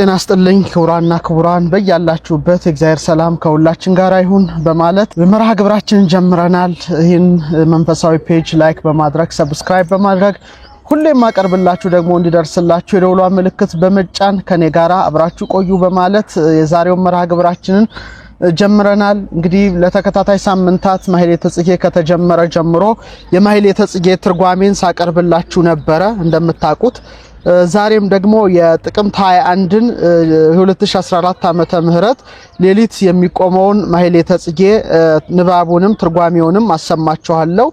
ጤና ስጥልኝ ክቡራና ክቡራን፣ በያላችሁበት እግዚአብሔር ሰላም ከሁላችን ጋር ይሁን በማለት መርሃ ግብራችንን ጀምረናል። ይህን መንፈሳዊ ፔጅ ላይክ በማድረግ ሰብስክራይብ በማድረግ ሁሌም የማቀርብላችሁ ደግሞ እንዲደርስላችሁ የደውሏ ምልክት በመጫን ከኔ ጋራ አብራችሁ ቆዩ በማለት የዛሬውን መርሃ ግብራችንን ጀምረናል። እንግዲህ ለተከታታይ ሳምንታት ማህሌተ ጽጌ ከተጀመረ ጀምሮ የማህሌተ ጽጌ ትርጓሜን ሳቀርብላችሁ ነበረ እንደምታውቁት ዛሬም ደግሞ የጥቅምት 21ን 2014 ዓመተ ምህረት ሌሊት የሚቆመውን ማህሌተ ጽጌ ንባቡንም ትርጓሜውንም አሰማችኋለሁ።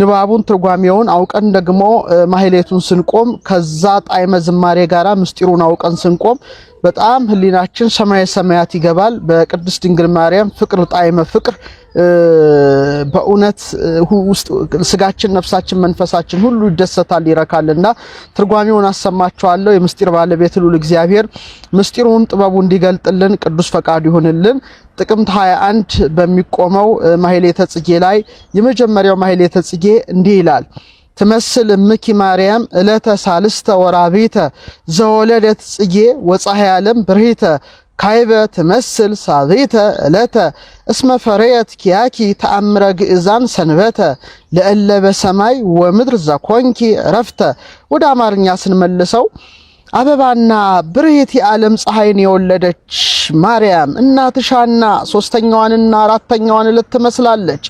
ንባቡን ትርጓሜውን አውቀን ደግሞ ማህሌቱን ስንቆም ከዛ ጣዕመ ዝማሬ ጋራ ምስጢሩን አውቀን ስንቆም በጣም ህሊናችን ሰማያዊ ሰማያት ይገባል። በቅድስት ድንግል ማርያም ፍቅር ጣዕመ ፍቅር በእውነት ውስጥ ስጋችን፣ ነፍሳችን፣ መንፈሳችን ሁሉ ይደሰታል ይረካልና ትርጓሜውን አሰማችኋለሁ። የምስጢር ባለቤት ልዑል እግዚአብሔር ምስጢሩን ጥበቡ እንዲገልጥልን ቅዱስ ፈቃዱ ይሁንልን። ጥቅምት 21 በሚቆመው ማህሌተ ጽጌ ላይ የመጀመሪያው ማህሌተ ጽጌ እንዲህ ይላል ትመስል እምኪ ማርያም እለተ ሳልስተ ወራቢተ ዘወለደት ጽጌ ወፀሐይ ዓለም ብርሂተ ካይበ ትመስል ሳቢተ ዕለተ እስመ ፈረየት ኪያኪ ተአምረ ግእዛን ሰንበተ ለእለ በሰማይ ወምድር ዘኮንኪ ረፍተ ወደ አማርኛ ስንመልሰው አበባና ብርህት የዓለም ፀሐይን የወለደች ማርያም እናትሻና ሶስተኛዋንና አራተኛዋን ዕለት ትመስላለች።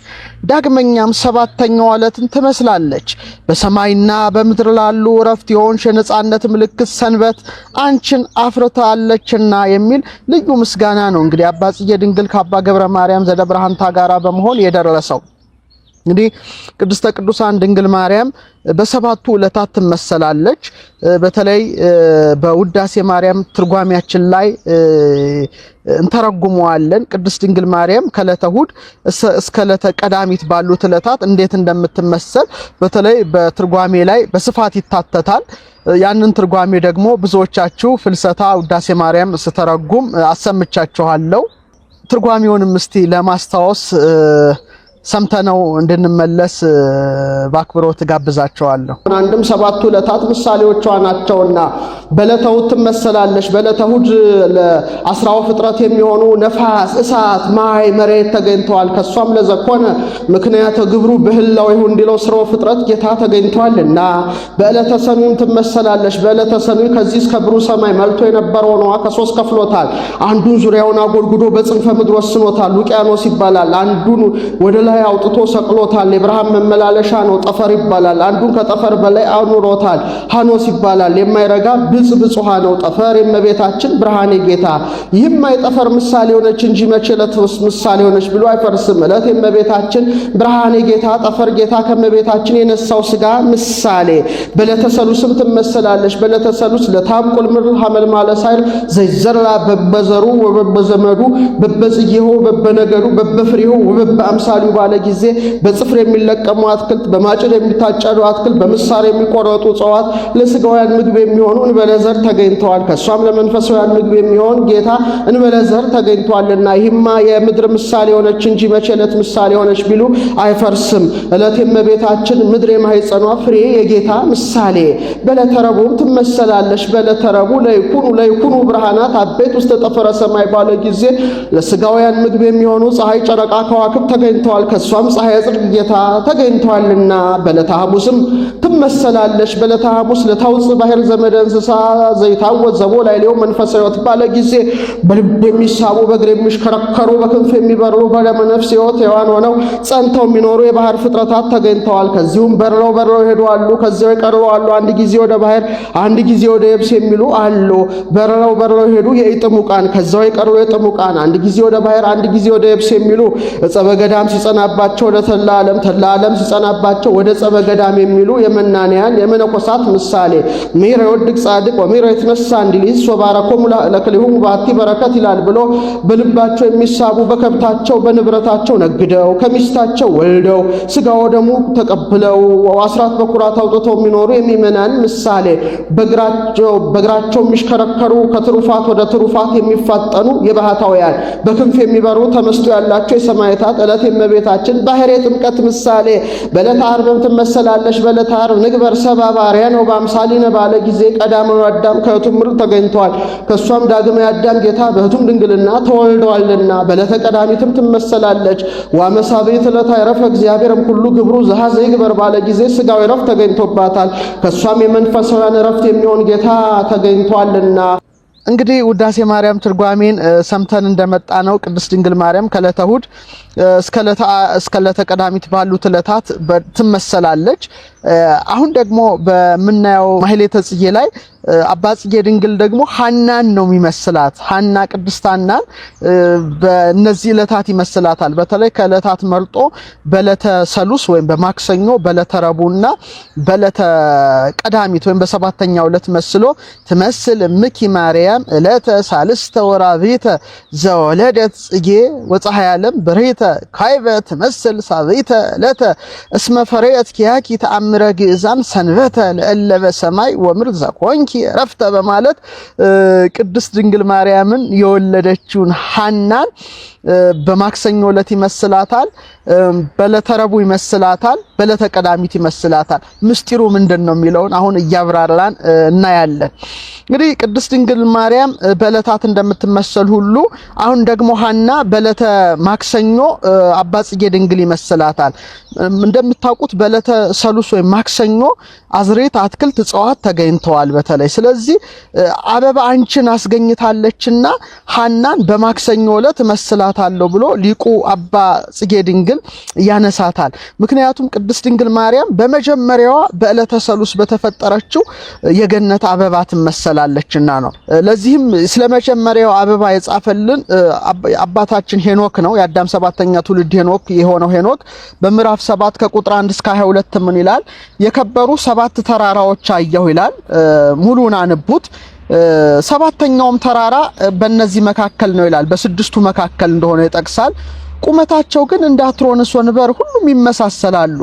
ዳግመኛም ሰባተኛዋ ዕለትን ትመስላለች። በሰማይና በምድር ላሉ እረፍት የሆንሽ የነጻነት ምልክት ሰንበት አንቺን አፍርታለችና የሚል ልዩ ምስጋና ነው እንግዲህ አባጽዬ ድንግል ከአባ ገብረ ማርያም ዘደብረ ጋራ በመሆን የደረሰው። እንግዲህ ቅድስተ ቅዱሳን ድንግል ማርያም በሰባቱ ዕለታት ትመሰላለች። በተለይ በውዳሴ ማርያም ትርጓሚያችን ላይ እንተረጉመዋለን። ቅድስት ድንግል ማርያም ከዕለተ ሁድ እስከ ዕለተ ቀዳሚት ባሉት ዕለታት እንዴት እንደምትመሰል በተለይ በትርጓሜ ላይ በስፋት ይታተታል። ያንን ትርጓሜ ደግሞ ብዙዎቻችሁ ፍልሰታ ውዳሴ ማርያም ስተረጉም አሰምቻችኋለሁ። ትርጓሜውንም እስቲ ለማስታወስ ሰምተነው እንድንመለስ በአክብሮት ጋብዛቸዋለሁ። አንድም ሰባቱ ዕለታት ምሳሌዎቿ ናቸውና በዕለተ እሑድ ትመሰላለች። በዕለተ እሑድ ለአስራው ፍጥረት የሚሆኑ ነፋስ፣ እሳት፣ ማይ፣ መሬት ተገኝተዋል። ከእሷም ለዘኮነ ምክንያተ ግብሩ ብህላው ይሁን እንዲለው ስራው ፍጥረት ጌታ ተገኝተዋልና በዕለተ ሰኑይም ትመሰላለች። በዕለተ ሰኑይ ከዚህ እስከ ብሩ ሰማይ መልቶ የነበረው ነዋ ከሶስት ከፍሎታል። አንዱን ዙሪያውን አጎልጉዶ በጽንፈ ምድር ወስኖታል። ውቅያኖስ ይባላል። አንዱን ወደ ድንጋይ አውጥቶ ሰቅሎታል። የብርሃን መመላለሻ ነው፣ ጠፈር ይባላል። አንዱን ከጠፈር በላይ አኑሮታል፣ ሐኖስ ይባላል። የማይረጋ ብጽ ብጹሃ ነው ጠፈር የመቤታችን ብርሃኔ ጌታ። ይህም የጠፈር ምሳሌ ሆነች እንጂ መቼ ዕለት ምሳሌ ሆነች ብሎ አይፈርስም። ዕለት የመቤታችን ብርሃኔ ጌታ፣ ጠፈር ጌታ ከመቤታችን የነሳው ስጋ ምሳሌ በዕለተ ሰሉስም ትመሰላለች። በዕለተ ሰሉስ ለታብቁል ምድር ሐመልማለ ሣዕር ዘይዘራ በበዘሩ ወበበዘመዱ በበጽጌሆ በበነገዱ በበፍሬሆ ወበበአምሳሉ ባለ ጊዜ በጽፍር የሚለቀሙ አትክልት፣ በማጭድ የሚታጨዱ አትክልት፣ በምሳር የሚቆረጡ እጽዋት፣ ለስጋውያን ምግብ የሚሆኑ እንበለዘር ተገኝተዋል። ከእሷም ለመንፈሳውያን ምግብ የሚሆን ጌታ እንበለዘር ተገኝቷልና ይህማ የምድር ምሳሌ የሆነች እንጂ መቼ ዕለት ምሳሌ ሆነች ቢሉ አይፈርስም። ዕለት የመቤታችን ምድር የማይጸኗ ፍሬ የጌታ ምሳሌ በለተረቡም ትመሰላለች። በለተረቡ ለይኩኑ ለይኩኑ ብርሃናት አቤት ውስጥ ተጠፈረ ሰማይ ባለ ጊዜ ለስጋውያን ምግብ የሚሆኑ ፀሐይ፣ ጨረቃ፣ ከዋክብ ተገኝተዋል። ከእሷም ፀሐይ ጽድቅ ጌታ ተገኝተዋልና በለታ ሐሙስም ትመሰላለች። በለታ ሐሙስ ለታውፅ ባህር ዘመደ እንስሳ ዘይታወት ዘቦ ላይሌው መንፈሰ ሕይወት ባለ ጊዜ በልብ የሚሳቡ በእግር የሚሽከረከሩ በክንፍ የሚበሩ በደመነፍስ ሕይወት ሕያዋን ሆነው ጸንተው የሚኖሩ የባህር ፍጥረታት ተገኝተዋል። ከዚሁም በርለው በርለው ይሄዱ አሉ። ከዚያው የቀሩ አሉ። አንድ ጊዜ ወደ ባህር፣ አንድ ጊዜ ወደ የብስ የሚሉ አሉ። በርለው በርለው ይሄዱ የኢጥሙቃን፣ ከዚያው የቀሩ የጥሙቃን፣ አንድ ጊዜ ወደ ባህር፣ አንድ ጊዜ ወደ የብስ የሚሉ ዕፀ ሲጸና ሲጸናባቸው ለተላ ዓለም ተላ ዓለም ሲጸናባቸው ወደ ጸበ ገዳም የሚሉ የመናንያን የመነኮሳት ምሳሌ ምሕረ ወድቅ ጻድቅ ወምሕረ ይትነሳ እንዲል ይእሶ ባረኮሙ ለክልኤሆሙ በረከት ይላል ብሎ በልባቸው የሚሳቡ በከብታቸው በንብረታቸው ነግደው ከሚስታቸው ወልደው ስጋ ወደሙ ተቀብለው አስራት በኩራት አውጥተው የሚኖሩ የሚመናን ምሳሌ በእግራቸው የሚሽከረከሩ ከትሩፋት ወደ ትሩፋት የሚፋጠኑ የባህታውያን በክንፍ የሚበሩ ተመስጦ ያላቸው የሰማዕታት ዕለት የእመቤት እመቤታችን ባህር የጥምቀት ምሳሌ በዕለተ ዓርብም ትመሰላለች። በዕለተ ዓርብ ንግበር ሰብአ ነው በአምሳሊነ ባለ ጊዜ ቀዳማዊ አዳም ከእቱም ምድር ተገኝቷል። ከእሷም ዳግማዊ አዳም ጌታ በእቱም ድንግልና ተወልደዋልና በዕለተ ቀዳሚትም ትመሰላለች። ወአመሳብዕት ዕለተ አይረፈ እግዚአብሔርም ሁሉ ግብሩ ዘሐዘ ይግበር ባለ ጊዜ ሥጋዊ ረፍት ተገኝቶባታል። ከእሷም የመንፈሳውያን ረፍት የሚሆን ጌታ ተገኝቷልና እንግዲህ ውዳሴ ማርያም ትርጓሜን ሰምተን እንደመጣ ነው። ቅድስት ድንግል ማርያም ከዕለተ እሑድ እስከ ቀዳሚት ባሉት እለታት ትመሰላለች። አሁን ደግሞ በምናየው ማህሌተ ጽጌ ላይ አባጽጌ ድንግል ደግሞ ሐናን ነው የሚመስላት። ሐና ቅድስት ሐናን በእነዚህ ይመስላታል። በተለይ ከእለታት መርጦ በለተ ሰሉስ ወይም በማክሰኞ በዕለተ ረቡዕና በዕለተ ቀዳሚት ወይም በሰባተኛው ዕለት መስሎ ትመስል ምኪ ማርያም ዕለተ ሳልስተ ወራቤተ ዘወለደት ጽጌ ወፀሐይ ዓለም ብሬተ ካይበ ትመስል ሳቤተ ዕለተ እስመ ፈሬየት ኪያኪ ተአምረ ግእዛን ሰንበተ ለእለበ ሰማይ ወምር ዘኮንኪ ረፍተ በማለት ቅድስት ድንግል ማርያምን የወለደችውን ሀናን በማክሰኞ ዕለት ይመስላታል። በለተረቡ ይመስላታል፣ በለተቀዳሚት ይመስላታል። ምስጢሩ ምንድን ነው የሚለውን አሁን እያብራራን እናያለን። እንግዲህ ቅድስት ድንግል ማርያም በለታት እንደምትመሰል ሁሉ አሁን ደግሞ ሀና በለተ ማክሰኞ አባጽጌ ድንግል ይመስላታል። እንደምታውቁት በለተ ሰሉስ ወይም ማክሰኞ አዝሬት፣ አትክልት፣ እጽዋት ተገኝተዋል። በተለይ ስለዚህ አበባ አንቺን አስገኝታለችና ሀናን በማክሰኞ ዕለት እመስላታለሁ ብሎ ሊቁ አባጽጌ ድንግል ድንግል ያነሳታል። ምክንያቱም ቅድስት ድንግል ማርያም በመጀመሪያዋ በዕለተ ሰሉስ በተፈጠረችው የገነት አበባ ትመሰላለችና ነው። ለዚህም ስለመጀመሪያው አበባ የጻፈልን አባታችን ሄኖክ ነው። የአዳም ሰባተኛ ትውልድ ሄኖክ የሆነው ሄኖክ በምዕራፍ ሰባት ከቁጥር አንድ እስከ 22 ምን ይላል? የከበሩ ሰባት ተራራዎች አየሁ ይላል። ሙሉን አንቡት። ሰባተኛውም ተራራ በእነዚህ መካከል ነው ይላል። በስድስቱ መካከል እንደሆነ ይጠቅሳል። ቁመታቸው ግን እንደ አትሮንስ ወንበር ሁሉም ይመሳሰላሉ።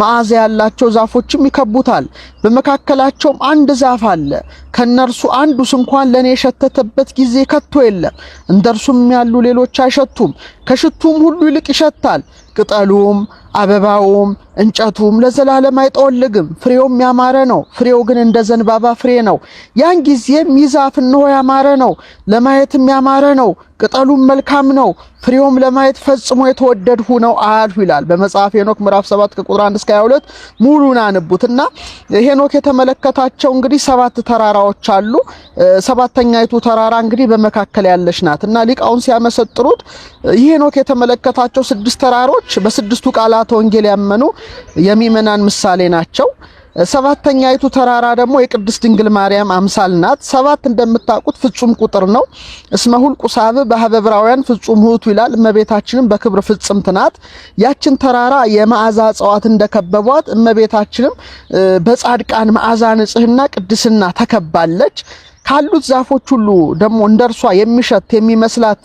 መዓዛ ያላቸው ዛፎችም ይከቡታል። በመካከላቸውም አንድ ዛፍ አለ። ከነርሱ አንዱስ እንኳን ለኔ የሸተተበት ጊዜ ከቶ የለም። እንደርሱም ያሉ ሌሎች አይሸቱም፣ ከሽቱም ሁሉ ይልቅ ይሸታል። ቅጠሉም አበባውም እንጨቱም ለዘላለም አይጠወልግም፣ ፍሬውም ያማረ ነው። ፍሬው ግን እንደ ዘንባባ ፍሬ ነው። ያን ጊዜም ይህ እንሆ ያማረ ነው፣ ለማየትም ያማረ ነው፣ ቅጠሉም መልካም ነው፣ ፍሬውም ለማየት ፈጽሞ የተወደድሁ ነው አልሁ ይላል በመጽሐፍ ሄኖክ ምዕራፍ 7 ከቁጥር 1 እስከ 22 ሙሉን እና ሄኖክ የተመለከታቸው እንግዲህ ሰባት ተራራዎች አሉ። ሰባተኛይቱ ተራራ እንግዲህ በመካከል ያለች ናት እና ሊቃውን ሲያመሰጥሩት ይህ ሄኖክ የተመለከታቸው ስድስት ተራሮች ሰዎች በስድስቱ ቃላት ወንጌል ያመኑ የሚመናን ምሳሌ ናቸው። ሰባተኛይቱ ተራራ ደግሞ የቅድስት ድንግል ማርያም አምሳል ናት። ሰባት እንደምታውቁት ፍጹም ቁጥር ነው። እስመ ሁልቁ ሳብዕ ፍጹም ውእቱ ይላል። እመቤታችንም በክብር ፍጽምት ናት። ያችን ተራራ የመዓዛ እጽዋት እንደከበቧት እመቤታችንም በጻድቃን መዓዛ ንጽህና ቅድስና ተከባለች። ካሉት ዛፎች ሁሉ ደግሞ እንደርሷ የሚሸት የሚመስላት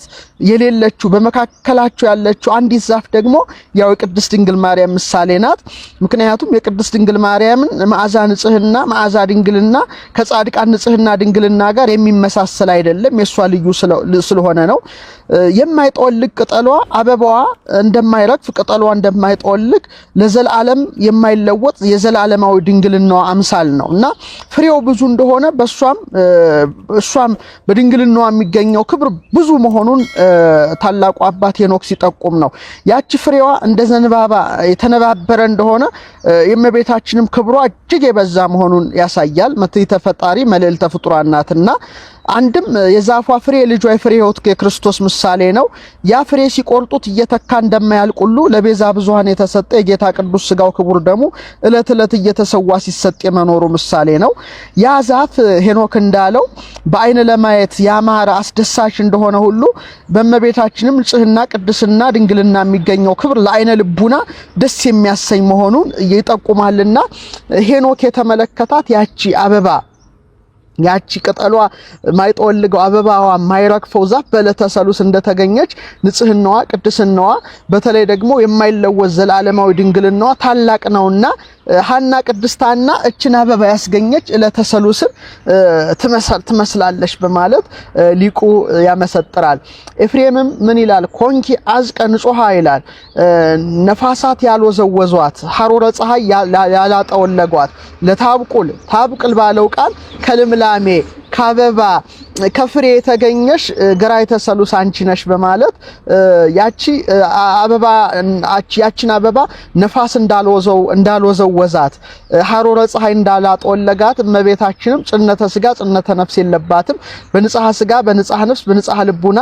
የሌለችው በመካከላቸው ያለችው አንዲት ዛፍ ደግሞ ያው የቅድስት ድንግል ማርያም ምሳሌ ናት። ምክንያቱም የቅድስት ድንግል ማርያምን መዓዛ ንጽህና፣ መዓዛ ድንግልና ከጻድቃን ንጽህና ድንግልና ጋር የሚመሳሰል አይደለም፣ የእሷ ልዩ ስለሆነ ነው። የማይጠወልግ ቅጠሏ አበባዋ እንደማይረግፍ ቅጠሏ እንደማይጠወልቅ ለዘላለም የማይለወጥ የዘላለማዊ ድንግልናዋ አምሳል ነው እና ፍሬው ብዙ እንደሆነ በእሷም እሷም በድንግልናዋ የሚገኘው ክብር ብዙ መሆኑን ታላቁ አባት ሄኖክ ሲጠቁም ነው። ያቺ ፍሬዋ እንደ ዘንባባ የተነባበረ እንደሆነ የእመቤታችንም ክብሯ እጅግ የበዛ መሆኑን ያሳያል። መትሕተ ፈጣሪ መልዕልተ ፍጡራን ናትና አንድም የዛፏ ፍሬ የልጇ የፍሬ ህይወት የክርስቶስ ምሳሌ ነው። ያ ፍሬ ሲቆርጡት እየተካ እንደማያልቅ ሁሉ ለቤዛ ብዙኃን የተሰጠ የጌታ ቅዱስ ስጋው ክቡር ደሙ እለት እለት እየተሰዋ ሲሰጥ የመኖሩ ምሳሌ ነው። ያ ዛፍ ሄኖክ እንዳለው ነው። በአይን ለማየት ያማረ አስደሳች እንደሆነ ሁሉ በእመቤታችንም ንጽህና፣ ቅድስና፣ ድንግልና የሚገኘው ክብር ለአይነ ልቡና ደስ የሚያሰኝ መሆኑን ይጠቁማልና ሄኖክ የተመለከታት ያቺ አበባ ያቺ ቅጠሏ ማይጠወልገው አበባዋ ማይረግፈው ዛፍ በዕለተ ሰሉስ እንደተገኘች ንጽህናዋ፣ ቅድስናዋ በተለይ ደግሞ የማይለወዝ ዘላለማዊ ድንግልናዋ ታላቅ ነውና ሀና ቅድስታና እችን አበባ ያስገኘች ዕለተ ሰሉስን ትመስላለች በማለት ሊቁ ያመሰጥራል። ኤፍሬምም ምን ይላል? ኮንኪ አዝቀ ንጹሃ ይላል። ነፋሳት ያልወዘወዟት፣ ሀሮረ ፀሐይ ያላጠወለጓት፣ ለታብቁል ታብቅል ባለው ቃል ከልምላሜ ከአበባ ከፍሬ የተገኘሽ ግራ የተሰሉስ አንቺ ነሽ በማለት ያቺ አበባ ያቺን አበባ ነፋስ እንዳልወዘው እንዳልወዘወዛት ሐሮረ ፀሐይ እንዳላጦለጋት እመቤታችንም ጽነተ ስጋ ጽነተ ነፍስ የለባትም። በንጽሐ ስጋ በንጽሐ ነፍስ በንጽሐ ልቡና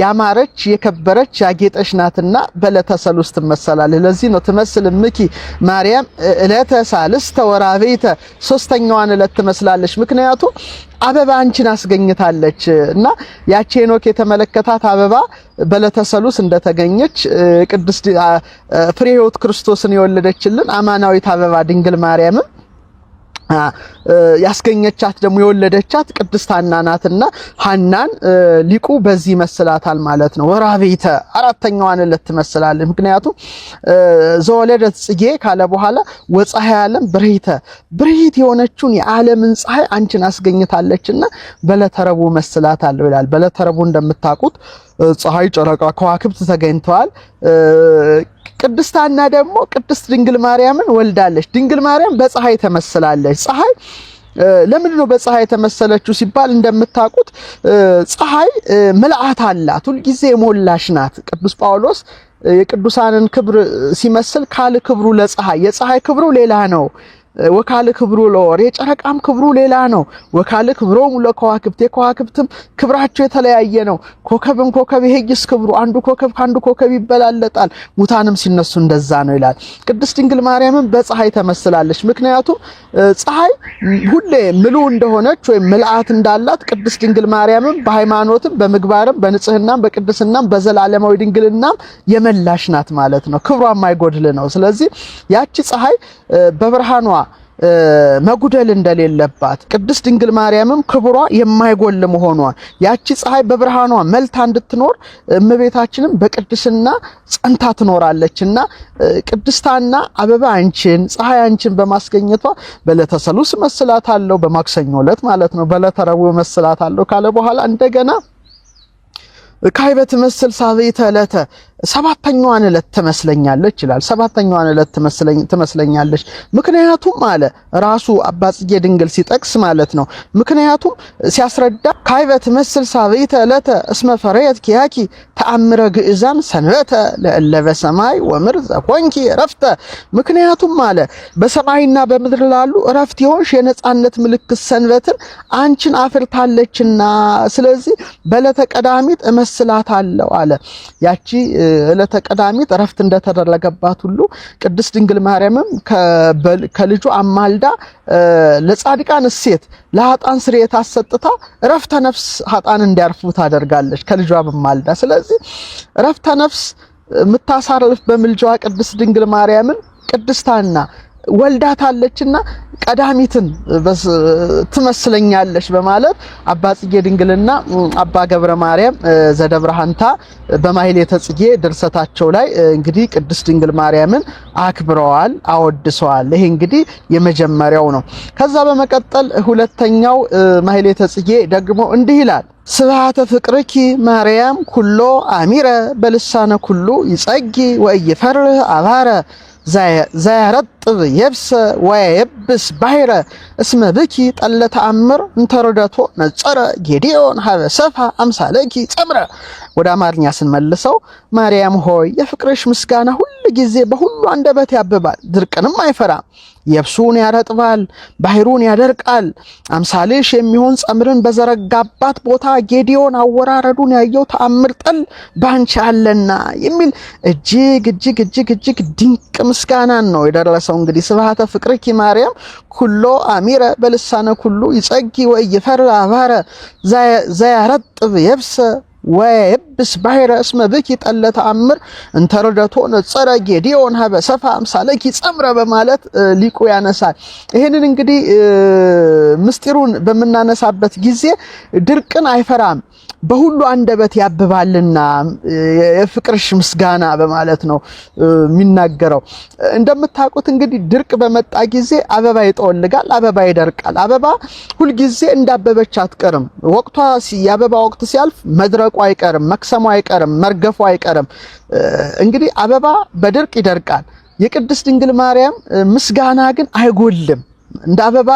ያማረች የከበረች ያጌጠሽ ናትና በዕለተ ሰሉስ ትመሰላለች። ለዚህ ነው ትመስል ምኪ ማርያም ዕለተ ሳልስተ ወራቤተ ሶስተኛዋን ዕለት ትመስላለች። ምክንያቱም አበባ አንቺን አስገኝታለች እና ያቺ ሄኖክ የተመለከታት አበባ በለተሰሉስ እንደተገኘች ቅድስት ፍሬ ሕይወት ክርስቶስን የወለደችልን አማናዊት አበባ ድንግል ማርያምም ያስገኘቻት ደግሞ የወለደቻት ቅድስት ሐና ናትና ሐናን ሊቁ በዚህ መስላታል ማለት ነው። ወራቤተ አራተኛዋን ዕለት ትመስላለች። ምክንያቱም ዘወለደት ጽጌ ካለ በኋላ ወፀሐይ ዓለም ብርሂተ ብርሂት የሆነችውን የዓለምን ፀሐይ አንቺን አስገኝታለችና በለተረቡ መስላታለሁ ይላል። በለተረቡ እንደምታውቁት ፀሐይ፣ ጨረቃ፣ ከዋክብት ተገኝተዋል። ቅድስት ሐና ደግሞ ቅድስት ድንግል ማርያምን ወልዳለች። ድንግል ማርያም በፀሐይ ተመስላለች። ፀሐይ ለምንድን ነው በፀሐይ የተመሰለችው ሲባል እንደምታውቁት ፀሐይ ምልአት አላት፣ ሁልጊዜ የሞላሽ ናት። ቅዱስ ጳውሎስ የቅዱሳንን ክብር ሲመስል ካል ክብሩ ለፀሐይ የፀሐይ ክብሩ ሌላ ነው ወካል ክብሩ ለወር የጨረቃም ክብሩ ሌላ ነው። ወካል ክብሮሙ ለከዋክብት የከዋክብትም ክብራቸው የተለያየ ነው። ኮከብም ኮከብ የሄጊስ ክብሩ አንዱ ኮከብ ከአንዱ ኮከብ ይበላለጣል። ሙታንም ሲነሱ እንደዛ ነው ይላል። ቅድስት ድንግል ማርያምን በፀሐይ ተመስላለች። ምክንያቱም ፀሐይ ሁሌ ምሉ እንደሆነች ወይም ምልአት እንዳላት ቅድስት ድንግል ማርያምን በሃይማኖትም በምግባርም በንጽህናም በቅድስናም በዘላለማዊ ድንግልናም የመላሽ ናት ማለት ነው። ክብሯ የማይጎድል ነው። ስለዚህ ያቺ ፀሐይ በብርሃኗ መጉደል እንደሌለባት ቅድስት ድንግል ማርያምም ክብሯ የማይጎል መሆኗ ያቺ ፀሐይ በብርሃኗ መልታ እንድትኖር እመቤታችንም በቅድስና ጸንታ ትኖራለች እና ቅድስታና አበባ አንቺን ፀሐይ አንቺን በማስገኘቷ በዕለተ ሰሉስ መስላት አለው በማክሰኞ ዕለት ማለት ነው። በዕለተ ረቡዕ መስላት አለው ካለ በኋላ እንደገና ካይበት መስል ሳቤ ተለተ ሰባተኛዋን ዕለት ትመስለኛለች ይላል። ሰባተኛዋን ዕለት ትመስለኛለች። ምክንያቱም አለ ራሱ አባጽጌ ድንግል ሲጠቅስ ማለት ነው። ምክንያቱም ሲያስረዳ ካይበት መስል ሳቤተ ዕለተ እስመ ፈረየት ኪያኪ ተአምረ ግዕዛን ሰንበተ ለእለበ ሰማይ ወምር ዘኮንኪ እረፍተ ምክንያቱም አለ በሰማይና በምድር ላሉ ረፍት የሆንሽ የነጻነት ምልክት ሰንበትን አንቺን አፍርታለችና፣ ስለዚህ በዕለተ ቀዳሚት እመስላታለሁ አለ ያቺ ዕለተ ቀዳሚት እረፍት እንደተደረገባት ሁሉ ቅድስት ድንግል ማርያምም ከልጇ አማልዳ ለጻድቃን እሴት ለሀጣን ስርየት አሰጥታ እረፍተ ነፍስ ሀጣን እንዲያርፉ ታደርጋለች ከልጇ በማልዳ። ስለዚህ እረፍተ ነፍስ የምታሳርፍ በምልጃዋ ቅድስት ድንግል ማርያምን ቅድስታና ወልዳታለችና ቀዳሚትን ትመስለኛለች በማለት አባ ጽጌ ድንግልና አባ ገብረ ማርያም ዘደብረሃንታ ሐንታ በማሕሌተ ጽጌ ድርሰታቸው ላይ እንግዲህ ቅድስት ድንግል ማርያምን አክብረዋል፣ አወድሰዋል። ይሄ እንግዲህ የመጀመሪያው ነው። ከዛ በመቀጠል ሁለተኛው ማሕሌተ ጽጌ ደግሞ እንዲህ ይላል ስብሃተ ፍቅርኪ ማርያም ኩሎ አሚረ በልሳነ ኩሉ ይጸጊ ወእይፈርህ አባረ ዘያረጥብ የብሰ ወያየብስ ባሕረ እስመ ብኪ ጠለ ተአምር እንተረዳቶ ነጸረ ጌዲዮን ሀበ ሰፋ አምሳለኪ ጸምረ። ወደ አማርኛ ስንመልሰው ማርያም ሆይ የፍቅርሽ ምስጋና ሁል ጊዜ በሁሉ አንደበት ያብባል፣ ድርቅንም አይፈራም። የብሱን ያረጥባል፣ ባህሩን ያደርቃል። አምሳሌሽ የሚሆን ጸምርን በዘረጋባት ቦታ ጌዲዮን አወራረዱን ያየው ተአምር ጠል ባንቺ አለና የሚል እጅግ እጅግ እጅግ እጅግ ድንቅ ምስጋናን ነው የደረሰው። እንግዲህ ስብሐተ ፍቅርኪ ማርያም ኩሎ አሚረ በልሳነ ኩሉ ይጸጊ ወይ ይፈር አባረ ዘያረጥብ የብሰ ወየብስ ባህረ እስመ ብኪ ጠለ ተአምር እንተረደቶ ነጸረ ጌዲዮን ሀበ ሰፋ አምሳለኪ ጸምረ በማለት ሊቁ ያነሳል። ይህንን እንግዲህ ምስጢሩን በምናነሳበት ጊዜ ድርቅን አይፈራም በሁሉ አንደበት ያብባልና የፍቅርሽ ምስጋና በማለት ነው የሚናገረው። እንደምታውቁት እንግዲህ ድርቅ በመጣ ጊዜ አበባ ይጠወልጋል፣ አበባ ይደርቃል። አበባ ሁልጊዜ እንዳበበች አትቀርም። ወቅቷ የአበባ ወቅት ሲያልፍ መድረቅ መውደቁ አይቀርም፣ መክሰሙ አይቀርም፣ መርገፉ አይቀርም። እንግዲህ አበባ በድርቅ ይደርቃል። የቅድስት ድንግል ማርያም ምስጋና ግን አይጎልም እንደ አበባ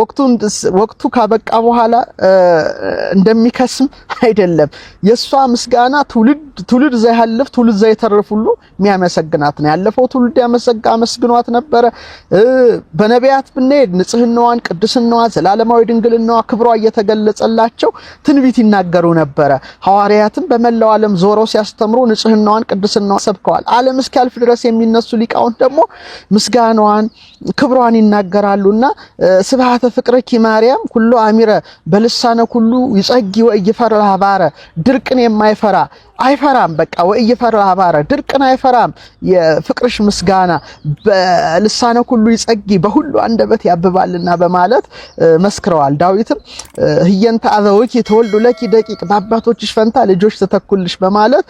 ወቅቱን ወቅቱ ካበቃ በኋላ እንደሚከስም አይደለም። የእሷ ምስጋና ትውልድ ትውልድ ዘያለፍ ትውልድ ዘይተርፍ ሁሉ የሚያመሰግናት ነው። ያለፈው ትውልድ ያመሰጋ አመስግኗት ነበረ። በነቢያት ብንሄድ ንጽህናዋን፣ ቅድስናዋ፣ ዘላለማዊ ድንግልናዋ፣ ክብሯ እየተገለጸላቸው ትንቢት ይናገሩ ነበረ። ሐዋርያትም በመላው ዓለም ዞረው ሲያስተምሩ ንጽህናዋን፣ ቅድስናዋን ሰብከዋል። ዓለም እስኪያልፍ ድረስ የሚነሱ ሊቃውንት ደግሞ ምስጋናዋን፣ ክብሯን ይናገራሉና ስብሃተ ፍቅረኪ ማርያም ኩሎ አሚረ በልሳነ ኩሉ ይጸጊ ወይፈራ ባረ ድርቅን የማይፈራ አይፈራም። በቃ ወይ እየፈራ አባረ ድርቅን አይፈራም። የፍቅርሽ ምስጋና በልሳነ ሁሉ ይጸጊ በሁሉ አንደበት ያብባልና በማለት መስክረዋል። ዳዊትም ህየንተ አበውኪ ተወልዱ ለኪ ደቂቅ በአባቶችሽ ፈንታ ልጆች ተተኩልሽ በማለት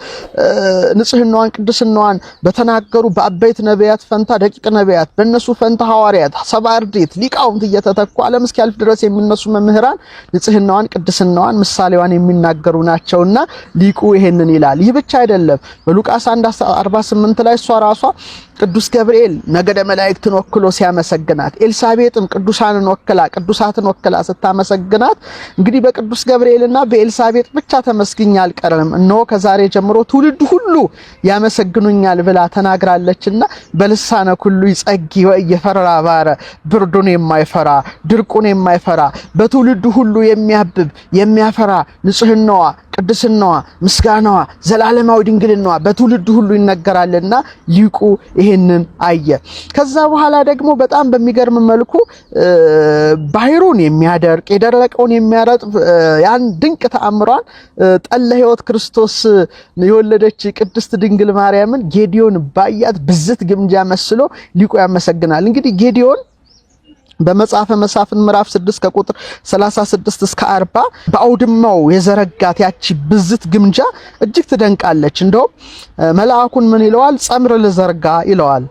ንጽህናዋን ቅድስናዋን በተናገሩ በአበይት ነቢያት ፈንታ ደቂቅ ነቢያት፣ በእነሱ ፈንታ ሐዋርያት፣ ሰባ እርዴት፣ ሊቃውንት እየተተኩ ዓለም እስኪያልፍ ድረስ የሚነሱ መምህራን ንጽህናዋን ቅድስናዋን ምሳሌዋን የሚናገሩ ናቸውና ሊቁ ይሄንን ይላል። ይህ ብቻ አይደለም። በሉቃስ 1:48 ላይ እሷ ራሷ ቅዱስ ገብርኤል ነገደ መላእክትን ወክሎ ሲያመሰግናት፣ ኤልሳቤጥም ቅዱሳንን ወክላ ቅዱሳትን ወክላ ስታመሰግናት፣ እንግዲህ በቅዱስ ገብርኤልና በኤልሳቤጥ ብቻ ተመስግኝ አልቀርም እነሆ ከዛሬ ጀምሮ ትውልድ ሁሉ ያመሰግኑኛል ብላ ተናግራለችና በልሳነ ኩሉ ይጸጊ እየፈራ ባረ ብርዱን የማይፈራ ድርቁን የማይፈራ በትውልድ ሁሉ የሚያብብ የሚያፈራ ንጽህናዋ ቅድስናዋ ምስጋናዋ ዘላለማዊ ድንግልናዋ በትውልድ ሁሉ ይነገራልና ሊቁ ይሄንን አየ። ከዛ በኋላ ደግሞ በጣም በሚገርም መልኩ ባህሩን የሚያደርቅ የደረቀውን የሚያረጥብ ያን ድንቅ ተአምሯን ጠለ ሕይወት ክርስቶስ የወለደች ቅድስት ድንግል ማርያምን ጌዲዮን ባያት ብዝት ግምጃ መስሎ ሊቁ ያመሰግናል። እንግዲህ ጌዲዮን በመጽሐፈ መሳፍን ምዕራፍ 6 ከቁጥር 36 እስከ 40 በአውድማው የዘረጋት ያቺ ብዝት ግምጃ እጅግ ትደንቃለች። እንደውም መልአኩን ምን ይለዋል? ጸምር ልዘርጋ ይለዋል።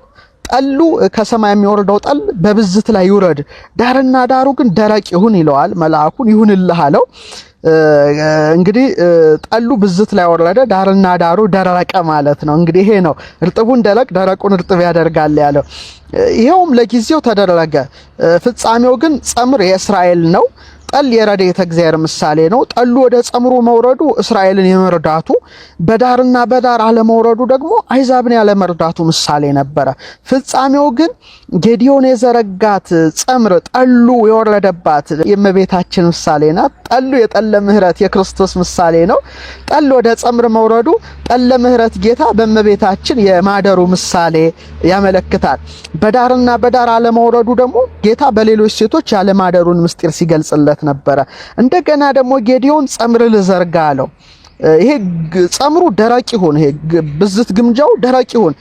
ጠሉ ከሰማይ የሚወርደው ጠል በብዝት ላይ ይውረድ፣ ዳርና ዳሩ ግን ደረቅ ይሁን ይለዋል። መልአኩን ይሁንልህ አለው። እንግዲህ ጠሉ ብዝት ላይ ወረደ፣ ዳርና ዳሩ ደረቀ ማለት ነው። እንግዲህ ይሄ ነው እርጥቡን ደረቅ ደረቁን እርጥብ ያደርጋል ያለው። ይሄውም ለጊዜው ተደረገ፣ ፍጻሜው ግን ጸምር የእስራኤል ነው። ጠል የረድኤተ እግዚአብሔር ምሳሌ ነው። ጠሉ ወደ ጸምሩ መውረዱ እስራኤልን የመርዳቱ በዳርና በዳር አለመውረዱ ደግሞ አይዛብን ያለመርዳቱ ምሳሌ ነበረ። ፍጻሜው ግን ጌዲዮን የዘረጋት ጸምር ጠሉ የወረደባት የእመቤታችን ምሳሌ ናት። ጠሉ የጠለ ምሕረት የክርስቶስ ምሳሌ ነው። ጠል ወደ ጸምር መውረዱ ጠለ ምሕረት ጌታ በእመቤታችን የማደሩ ምሳሌ ያመለክታል። በዳርና በዳር አለመውረዱ ደግሞ ጌታ በሌሎች ሴቶች ያለማደሩን ምስጢር ሲገልጽለት ነበረ። እንደገና ደግሞ ጌዲዮን ጸምር ልዘርጋ አለው። ይሄ ጸምሩ ደረቅ ይሁን፣ ይሄ ብዝት ግምጃው ደረቅ ይሁን፣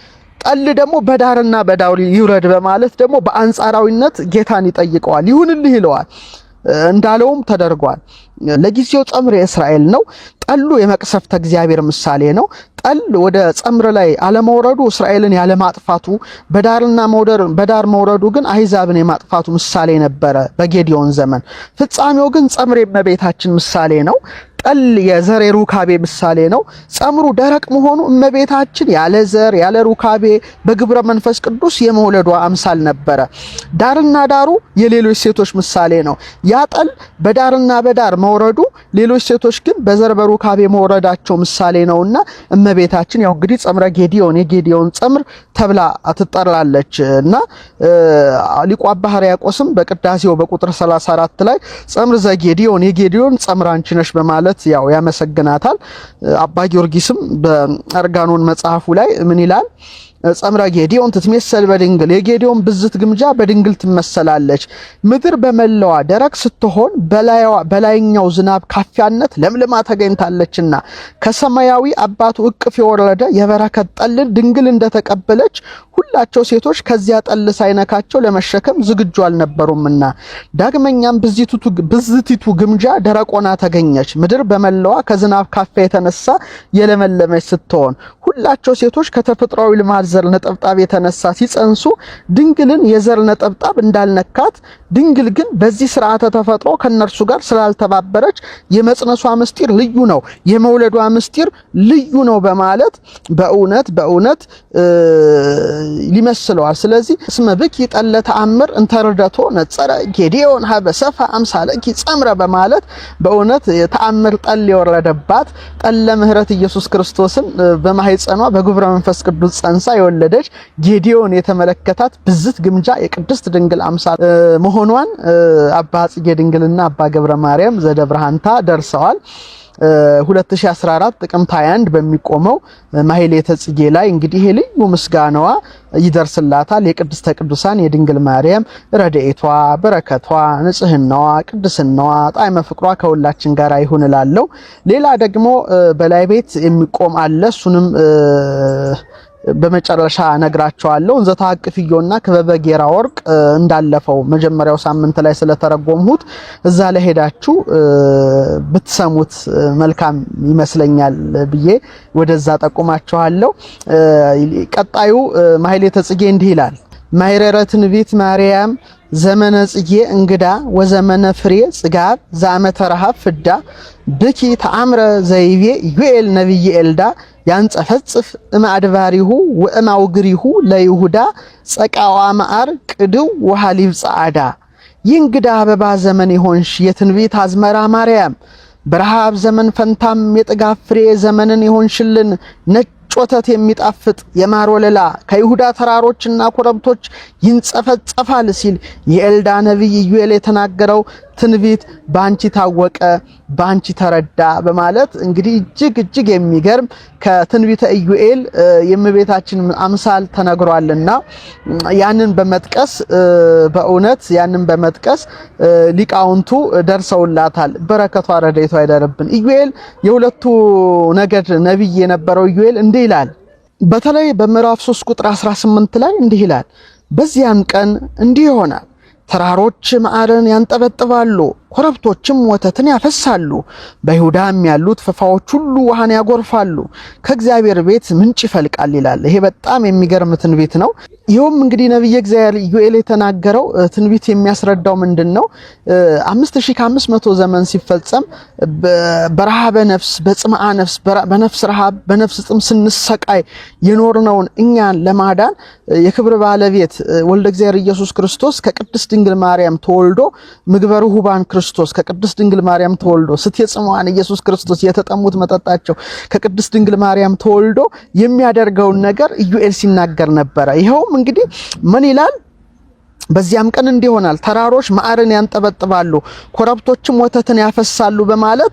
ጠል ደግሞ በዳርና በዳውሪ ይውረድ በማለት ደግሞ በአንጻራዊነት ጌታን ይጠይቀዋል። ይሁንልህ ይለዋል። እንዳለውም ተደርጓል። ለጊዜው ጸምር የእስራኤል ነው። ጠሉ የመቅሰፍተ እግዚአብሔር ምሳሌ ነው። ጠል ወደ ጸምር ላይ አለመውረዱ እስራኤልን ያለማጥፋቱ፣ በዳርና በዳር መውረዱ ግን አይዛብን የማጥፋቱ ምሳሌ ነበረ በጌዲዮን ዘመን። ፍጻሜው ግን ጸምር የመቤታችን ምሳሌ ነው። ጠል የዘሬ ሩካቤ ምሳሌ ነው። ጸምሩ ደረቅ መሆኑ እመቤታችን ያለ ዘር ያለ ሩካቤ በግብረ መንፈስ ቅዱስ የመውለዷ አምሳል ነበረ። ዳርና ዳሩ የሌሎች ሴቶች ምሳሌ ነው። ያ ጠል በዳርና በዳር መውረዱ፣ ሌሎች ሴቶች ግን በዘር በሩካቤ መውረዳቸው ምሳሌ ነውና እመቤታችን ያው እንግዲህ ጸምረ ጌዲዮን የጌዲዮን ጸምር ተብላ ትጠራለች እና ሊቁ አባ ሕርያቆስም በቅዳሴው በቁጥር 34 ላይ ጸምር ዘጌዲዮን የጌዲዮን ጸምር አንቺ ነሽ በማለት በማለት ያው ያመሰግናታል። አባ ጊዮርጊስም በአርጋኖን መጽሐፉ ላይ ምን ይላል? ጸምረ ጌዲዮን ትትመሰል በድንግል የጌዲዮን ብዝት ግምጃ በድንግል ትመሰላለች። ምድር በመለዋ ደረቅ ስትሆን በላይኛው ዝናብ ካፊያነት ለምልማ ተገኝታለችና ከሰማያዊ አባቱ እቅፍ የወረደ የበረከት ጠልን ድንግል እንደተቀበለች ሁላቸው ሴቶች ከዚያ ጠል ሳይነካቸው ለመሸከም ዝግጁ አልነበሩምና። ዳግመኛም ብዝቲቱ ግምጃ ደረቆና ተገኘች። ምድር በመለዋ ከዝናብ ካፊያ የተነሳ የለመለመች ስትሆን ሁላቸው ሴቶች ከተፈጥሯዊ ልማድ ዘር ነጠብጣብ የተነሳ ሲጸንሱ ድንግልን የዘር ነጠብጣብ እንዳልነካት ድንግል ግን በዚህ ስርዓተ ተፈጥሮ ከነርሱ ጋር ስላልተባበረች የመጽነሷ ምስጢር ልዩ ነው፣ የመውለዷ ምስጢር ልዩ ነው በማለት በእውነት በእውነት ሊመስለዋል። ስለዚህ እስመ ብኪ ጠለ ተአምር እንተርደቶ ነጸረ ጌዴዮን ሀበ ሰፋ አምሳለኪ ጸምረ በማለት በእውነት ተአምር ጠል የወረደባት ጠለ ምሕረት ኢየሱስ ክርስቶስን በማህፀኗ በግብረ መንፈስ ቅዱስ ጸንሳ የወለደች ጌዲዮን የተመለከታት ብዝት ግምጃ የቅድስት ድንግል አምሳል መሆኗን አባ ጽጌ ድንግልና አባ ገብረ ማርያም ዘደብረሃንታ ደርሰዋል። 2014 ጥቅምት 21 በሚቆመው ማህሌተ ጽጌ ላይ እንግዲህ ልዩ ምስጋናዋ ይደርስላታል። የቅድስተ ቅዱሳን የድንግል ማርያም ረድኤቷ፣ በረከቷ፣ ንጽህናዋ፣ ቅድስናዋ፣ ጣዕመ ፍቅሯ ከሁላችን ጋር ይሁን እላለሁ። ሌላ ደግሞ በላይ ቤት የሚቆም አለ እሱንም በመጨረሻ ነግራቸዋለሁ። እንዘታ ታቅፍዮና ክበበ ጌራ ወርቅ እንዳለፈው መጀመሪያው ሳምንት ላይ ስለተረጎምሁት እዛ ላይ ሄዳችሁ ብትሰሙት መልካም ይመስለኛል ብዬ ወደዛ ጠቁማችኋለሁ። ቀጣዩ ማህሌተ ጽጌ እንዲህ ይላል። ማይረረ ትንቢት ማርያም ዘመነ ጽጌ እንግዳ ወዘመነ ፍሬ ጽጋብ ዘአመተ ረሃብ ፍዳ ብኪ ተአምረ ዘይቤ ዩኤል ነቢይ ኤልዳ ያንጸፈጽፍ እማአድባሪሁ ወእማውግሪሁ ለይሁዳ ጸቃዋ መዓር ቅድው ወሃሊብ ጸዓዳ። ይህ እንግዳ አበባ ዘመን የሆንሽ የትንቢት አዝመራ ማርያም በረሃብ ዘመን ፈንታም የጥጋ ፍሬ ዘመንን የሆንሽልን ነጭ ወተት የሚጣፍጥ የማር ወለላ ከይሁዳ ተራሮችና ኮረብቶች ይንጸፈጸፋል ሲል የኤልዳ ነቢይ ኢዩኤል የተናገረው ትንቢት በአንቺ ታወቀ፣ በአንቺ ተረዳ በማለት እንግዲህ እጅግ እጅግ የሚገርም ከትንቢተ ኢዩኤል የእመቤታችን አምሳል ተነግሯልና ያንን በመጥቀስ በእውነት ያንን በመጥቀስ ሊቃውንቱ ደርሰውላታል። በረከቷ ረድኤቷ አይደርብን። ኢዩኤል የሁለቱ ነገድ ነቢይ የነበረው ኢዩኤል እንዲህ ይላል። በተለይ በምዕራፍ 3 ቁጥር 18 ላይ እንዲህ ይላል፣ በዚያም ቀን እንዲህ ይሆናል ተራሮች መዓርን ያንጠበጥባሉ፣ ኮረብቶችም ወተትን ያፈሳሉ። በይሁዳም ያሉት ፈፋዎች ሁሉ ውሃን ያጎርፋሉ፣ ከእግዚአብሔር ቤት ምንጭ ይፈልቃል ይላል። ይሄ በጣም የሚገርም ትንቢት ነው። ይኸውም እንግዲህ ነቢየ እግዚአብሔር ዩኤል የተናገረው ትንቢት የሚያስረዳው ምንድን ነው? አምስት ሺህ ከአምስት መቶ ዘመን ሲፈጸም በረሃበ ነፍስ፣ በጽምአ ነፍስ፣ በነፍስ ረሃብ፣ በነፍስ ጥም ስንሰቃይ የኖርነውን እኛን ለማዳን የክብር ባለቤት ወልደ እግዚአብሔር ኢየሱስ ክርስቶስ ከቅድስት ድንግል ማርያም ተወልዶ ምግበሩ ሁባን ክርስቶስ ከቅድስት ድንግል ማርያም ተወልዶ ስትየ ኢየሱስ ክርስቶስ የተጠሙት መጠጣቸው ከቅድስት ድንግል ማርያም ተወልዶ የሚያደርገውን ነገር ኢዩኤል ሲናገር ነበረ። ይኸውም እንግዲህ ምን ይላል? በዚያም ቀን እንዲሆናል ተራሮች ማዕርን ያንጠበጥባሉ፣ ኮረብቶችም ወተትን ያፈሳሉ በማለት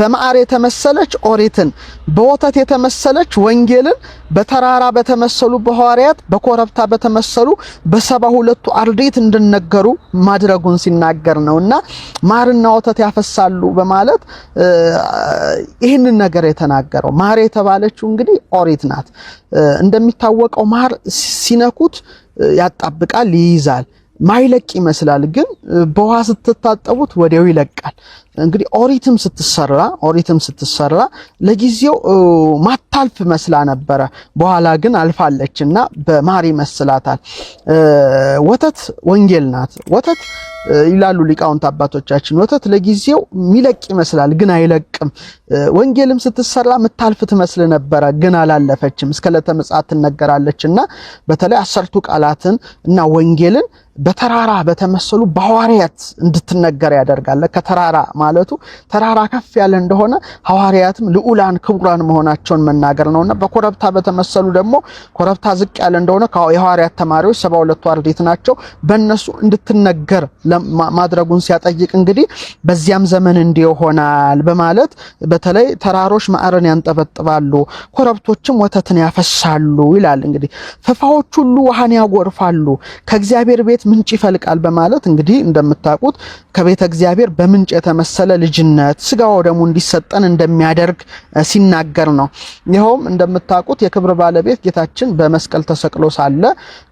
በማዕር የተመሰለች ኦሪትን በወተት የተመሰለች ወንጌልን በተራራ በተመሰሉ በሐዋርያት በኮረብታ በተመሰሉ በሰባ ሁለቱ አርድእት እንዲነገሩ ማድረጉን ሲናገር ነው እና ማርና ወተት ያፈሳሉ በማለት ይህንን ነገር የተናገረው ማር የተባለችው እንግዲህ ኦሪት ናት። እንደሚታወቀው ማር ሲነኩት ያጣብቃል፣ ይይዛል። ማይለቅ ይመስላል፣ ግን በውሃ ስትታጠቡት ወዲያው ይለቃል። እንግዲህ ኦሪትም ስትሰራ ኦሪትም ስትሰራ ለጊዜው ማታልፍ መስላ ነበረ፣ በኋላ ግን አልፋለች እና በማር ይመስላታል። ወተት ወንጌል ናት። ወተት ይላሉ ሊቃውንት አባቶቻችን። ወተት ለጊዜው የሚለቅ ይመስላል፣ ግን አይለቅም። ወንጌልም ስትሰራ የምታልፍ ትመስል ነበረ፣ ግን አላለፈችም። እስከ ዕለተ ምጽአት ትነገራለች እና በተለይ አሰርቱ ቃላትን እና ወንጌልን በተራራ በተመሰሉ በሐዋርያት እንድትነገር ያደርጋል። ከተራራ ማለቱ ተራራ ከፍ ያለ እንደሆነ ሐዋርያትም ልዑላን ክቡራን መሆናቸውን መናገር ነውና፣ በኮረብታ በተመሰሉ ደግሞ ኮረብታ ዝቅ ያለ እንደሆነ የሐዋርያት ተማሪዎች ሰባ ሁለቱ አርድእት ናቸው። በእነሱ እንድትነገር ማድረጉን ሲያጠይቅ እንግዲህ በዚያም ዘመን እንዲህ ይሆናል በማለት በተለይ ተራሮች ማዕረን ያንጠበጥባሉ፣ ኮረብቶችም ወተትን ያፈሳሉ ይላል። እንግዲህ ፈፋዎች ሁሉ ውሃን ያጎርፋሉ ከእግዚአብሔር ቤት ከቤት ምንጭ ይፈልቃል በማለት እንግዲህ እንደምታውቁት ከቤተ እግዚአብሔር በምንጭ የተመሰለ ልጅነት ስጋው ደሙ እንዲሰጠን እንደሚያደርግ ሲናገር ነው። ይኸውም እንደምታውቁት የክብር ባለቤት ጌታችን በመስቀል ተሰቅሎ ሳለ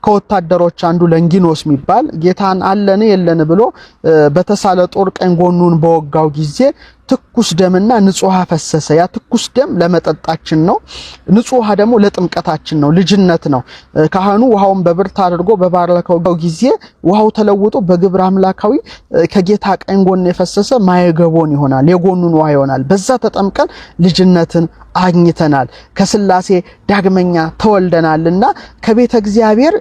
ከወታደሮች አንዱ ለንጊኖስ የሚባል ጌታን አለን የለን ብሎ በተሳለ ጦር ቀኝ ጎኑን በወጋው ጊዜ ትኩስ ደምና ንጹህ ውሃ ፈሰሰ። ያ ትኩስ ደም ለመጠጣችን ነው፣ ንጹህ ውሃ ደግሞ ለጥምቀታችን ነው፣ ልጅነት ነው። ካህኑ ውሃውን በብርት አድርጎ በባረከው ጊዜ ውሃው ተለውጦ በግብረ አምላካዊ ከጌታ ቀኝ ጎን የፈሰሰ ማየገቦን ይሆናል፣ የጎኑን ውሃ ይሆናል። በዛ ተጠምቀን ልጅነትን አግኝተናል ከስላሴ ዳግመኛ ተወልደናልና ከቤተ እግዚአብሔር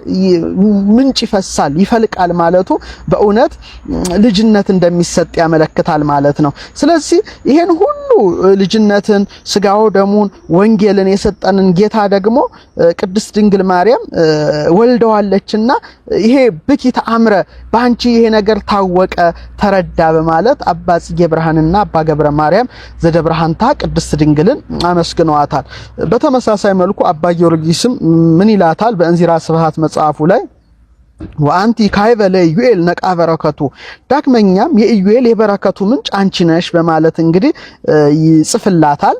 ምንጭ ይፈሳል ይፈልቃል ማለቱ በእውነት ልጅነት እንደሚሰጥ ያመለክታል ማለት ነው። ስለዚህ ይሄን ሁሉ ልጅነትን፣ ስጋው ደሙን፣ ወንጌልን የሰጠንን ጌታ ደግሞ ቅድስት ድንግል ማርያም ወልደዋለችና ይሄ ብኪት ተአምረ በአንቺ ይሄ ነገር ታወቀ ተረዳ በማለት አባ ጽጌ ብርሃንና አባ ገብረ ማርያም ዘደብረሃንታ ቅድስት ድንግልን አመስግነዋታል። በተመሳሳይ መልኩ አባ ጊዮርጊስም ምን ይላታል? በእንዚራ ስብሐት መጽሐፉ ላይ ወአንቲ ካይበ ለኢዩኤል ነቃ በረከቱ፣ ዳግመኛም የኢዩኤል የበረከቱ ምንጭ አንቺ ነሽ በማለት እንግዲህ ይጽፍላታል።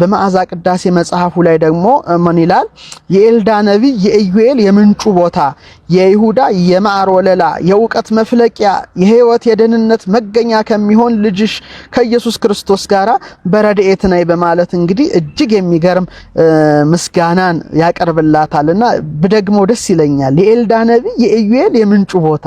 በመዓዛ ቅዳሴ መጽሐፉ ላይ ደግሞ ምን ይላል? የኤልዳ ነቢይ የኢዩኤል የምንጩ ቦታ፣ የይሁዳ የማዕር ወለላ፣ የእውቀት መፍለቂያ፣ የህይወት የደህንነት መገኛ ከሚሆን ልጅሽ ከኢየሱስ ክርስቶስ ጋር በረድኤት ነይ በማለት እንግዲህ እጅግ የሚገርም ምስጋናን ያቀርብላታልና ብደግሞ ደስ ይለኛል። የኤልዳ ነቢይ የኢዩኤል የምንጩ ቦታ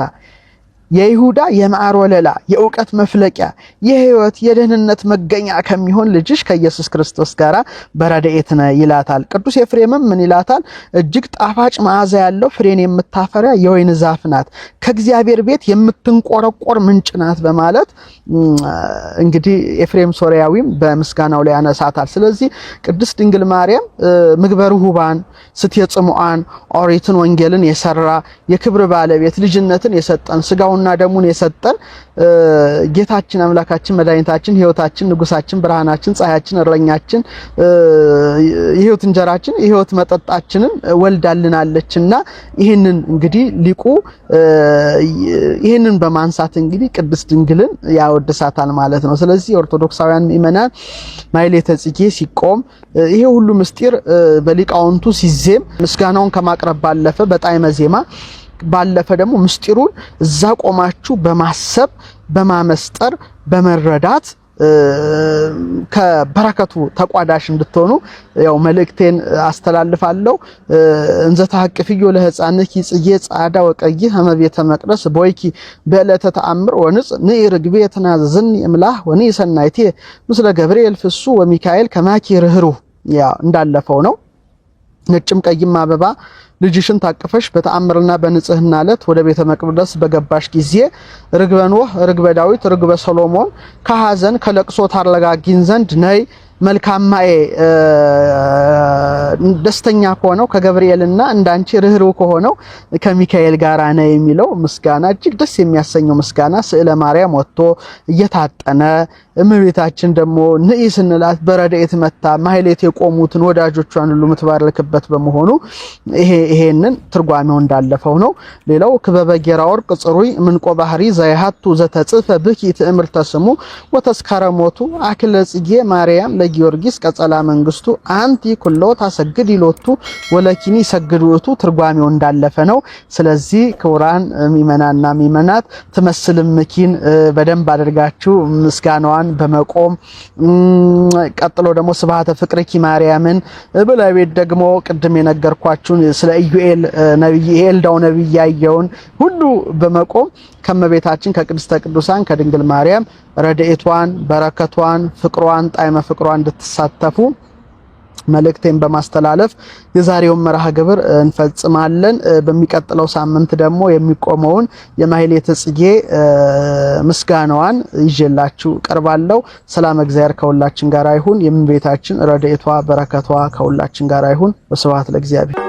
የይሁዳ የመዓር ወለላ የእውቀት መፍለቂያ የህይወት የደህንነት መገኛ ከሚሆን ልጅሽ ከኢየሱስ ክርስቶስ ጋር በረድኤት ነ ይላታል። ቅዱስ ኤፍሬምም ምን ይላታል? እጅግ ጣፋጭ መዓዛ ያለው ፍሬን የምታፈራ የወይን ዛፍ ናት፣ ከእግዚአብሔር ቤት የምትንቆረቆር ምንጭ ናት በማለት እንግዲህ ኤፍሬም ሶሪያዊም በምስጋናው ላይ ያነሳታል። ስለዚህ ቅድስት ድንግል ማርያም ምግበር ሁባን ስትየ ኦሪትን ወንጌልን የሰራ የክብር ባለቤት ልጅነትን የሰጠን ስጋውን ስጋውና ደሙን የሰጠን ጌታችን አምላካችን መድኃኒታችን ህይወታችን፣ ንጉሳችን ብርሃናችን ፀሐያችን እረኛችን የሕይወት እንጀራችን የሕይወት መጠጣችንን ወልዳልናለችና ይህንን እንግዲህ ሊቁ ይህንን በማንሳት እንግዲህ ቅድስት ድንግልን ያወድሳታል ማለት ነው። ስለዚህ ኦርቶዶክሳውያን ምእመናን ማሕሌተ ጽጌ ሲቆም ይሄ ሁሉ ምስጢር በሊቃውንቱ ሲዜም ምስጋናውን ከማቅረብ ባለፈ በጣዕመ ዜማ ባለፈ ደግሞ ምስጢሩን እዛ ቆማችሁ በማሰብ በማመስጠር በመረዳት ከበረከቱ ተቋዳሽ እንድትሆኑ ያው መልእክቴን አስተላልፋለሁ። እንዘ ተሐቅፍዮ ለሕፃንኪ ጽጌ ጻዕዳ ወቀይሕ አመ ቤተ መቅደስ ቦይኪ በዕለተ ተአምር ወንጽ ንኢ ርግቤ ተናዘዝኒ እምላህ ወንኢ ሰናይቴ ምስለ ገብርኤል ፍሱ ወሚካኤል ከማኪ ርህሩ ያ እንዳለፈው ነው። ነጭም ቀይም አበባ ልጅሽን ታቅፈሽ በተአምርና በንጽህና ዕለት ወደ ቤተ መቅደስ በገባሽ ጊዜ ርግበ ኖህ፣ ርግበ ዳዊት፣ ርግበ ሰሎሞን ከሐዘን ከለቅሶ ታረጋጊን ዘንድ ነይ መልካማዬ ደስተኛ ከሆነው ከገብርኤልና እንዳንቺ ርህሩ ከሆነው ከሚካኤል ጋራ ነ የሚለው ምስጋና እጅግ ደስ የሚያሰኘው ምስጋና ስዕለ ማርያም ወጥቶ እየታጠነ እመቤታችን ደግሞ ንኢ ስንላት በረድኤት መታ ማህሌት የቆሙትን ወዳጆቿን ሁሉ የምትባረክበት በመሆኑ ይሄንን ትርጓሜው እንዳለፈው ነው። ሌላው ክበበ ጌራ ወርቅ ጽሩይ ምንቆ ባህሪ ዘይሃቱ ዘተጽፈ ብኪ ትእምርተ ስሙ ወተስካረ ሞቱ አክለ ጽጌ ማርያም ጊዮርጊስ ቀጸላ መንግስቱ አንቲ ኩሎ ታሰግድ ይሎቱ ወለኪኒ ሰግድ ውእቱ ትርጓሜው እንዳለፈ ነው። ስለዚህ ክቡራን ሚመናና ሚመናት ትመስልም መኪን በደንብ አድርጋችሁ ምስጋናዋን በመቆም ቀጥሎ ደግሞ ስብሐተ ፍቅርኪ ማርያምን በለቤት ደግሞ ቅድም የነገርኳችሁን ስለ ኢዩኤል ነብይ ኤልዳው ነብይ ያየውን ሁሉ በመቆም ከመቤታችን ከቅድስተ ቅዱሳን ከድንግል ማርያም ረድኤቷን በረከቷን ፍቅሯን ጣይመ ፍቅሯን በስራዋ እንድትሳተፉ መልእክቴን በማስተላለፍ የዛሬውን መርሃ ግብር እንፈጽማለን። በሚቀጥለው ሳምንት ደግሞ የሚቆመውን የማህሌተ ጽጌ ምስጋናዋን ይዤላችሁ ቀርባለሁ። ሰላም እግዚአብሔር ከሁላችን ጋር ይሁን። የእመቤታችን ረድኤቷ በረከቷ ከሁላችን ጋር ይሁን። ወስብሐት ለእግዚአብሔር።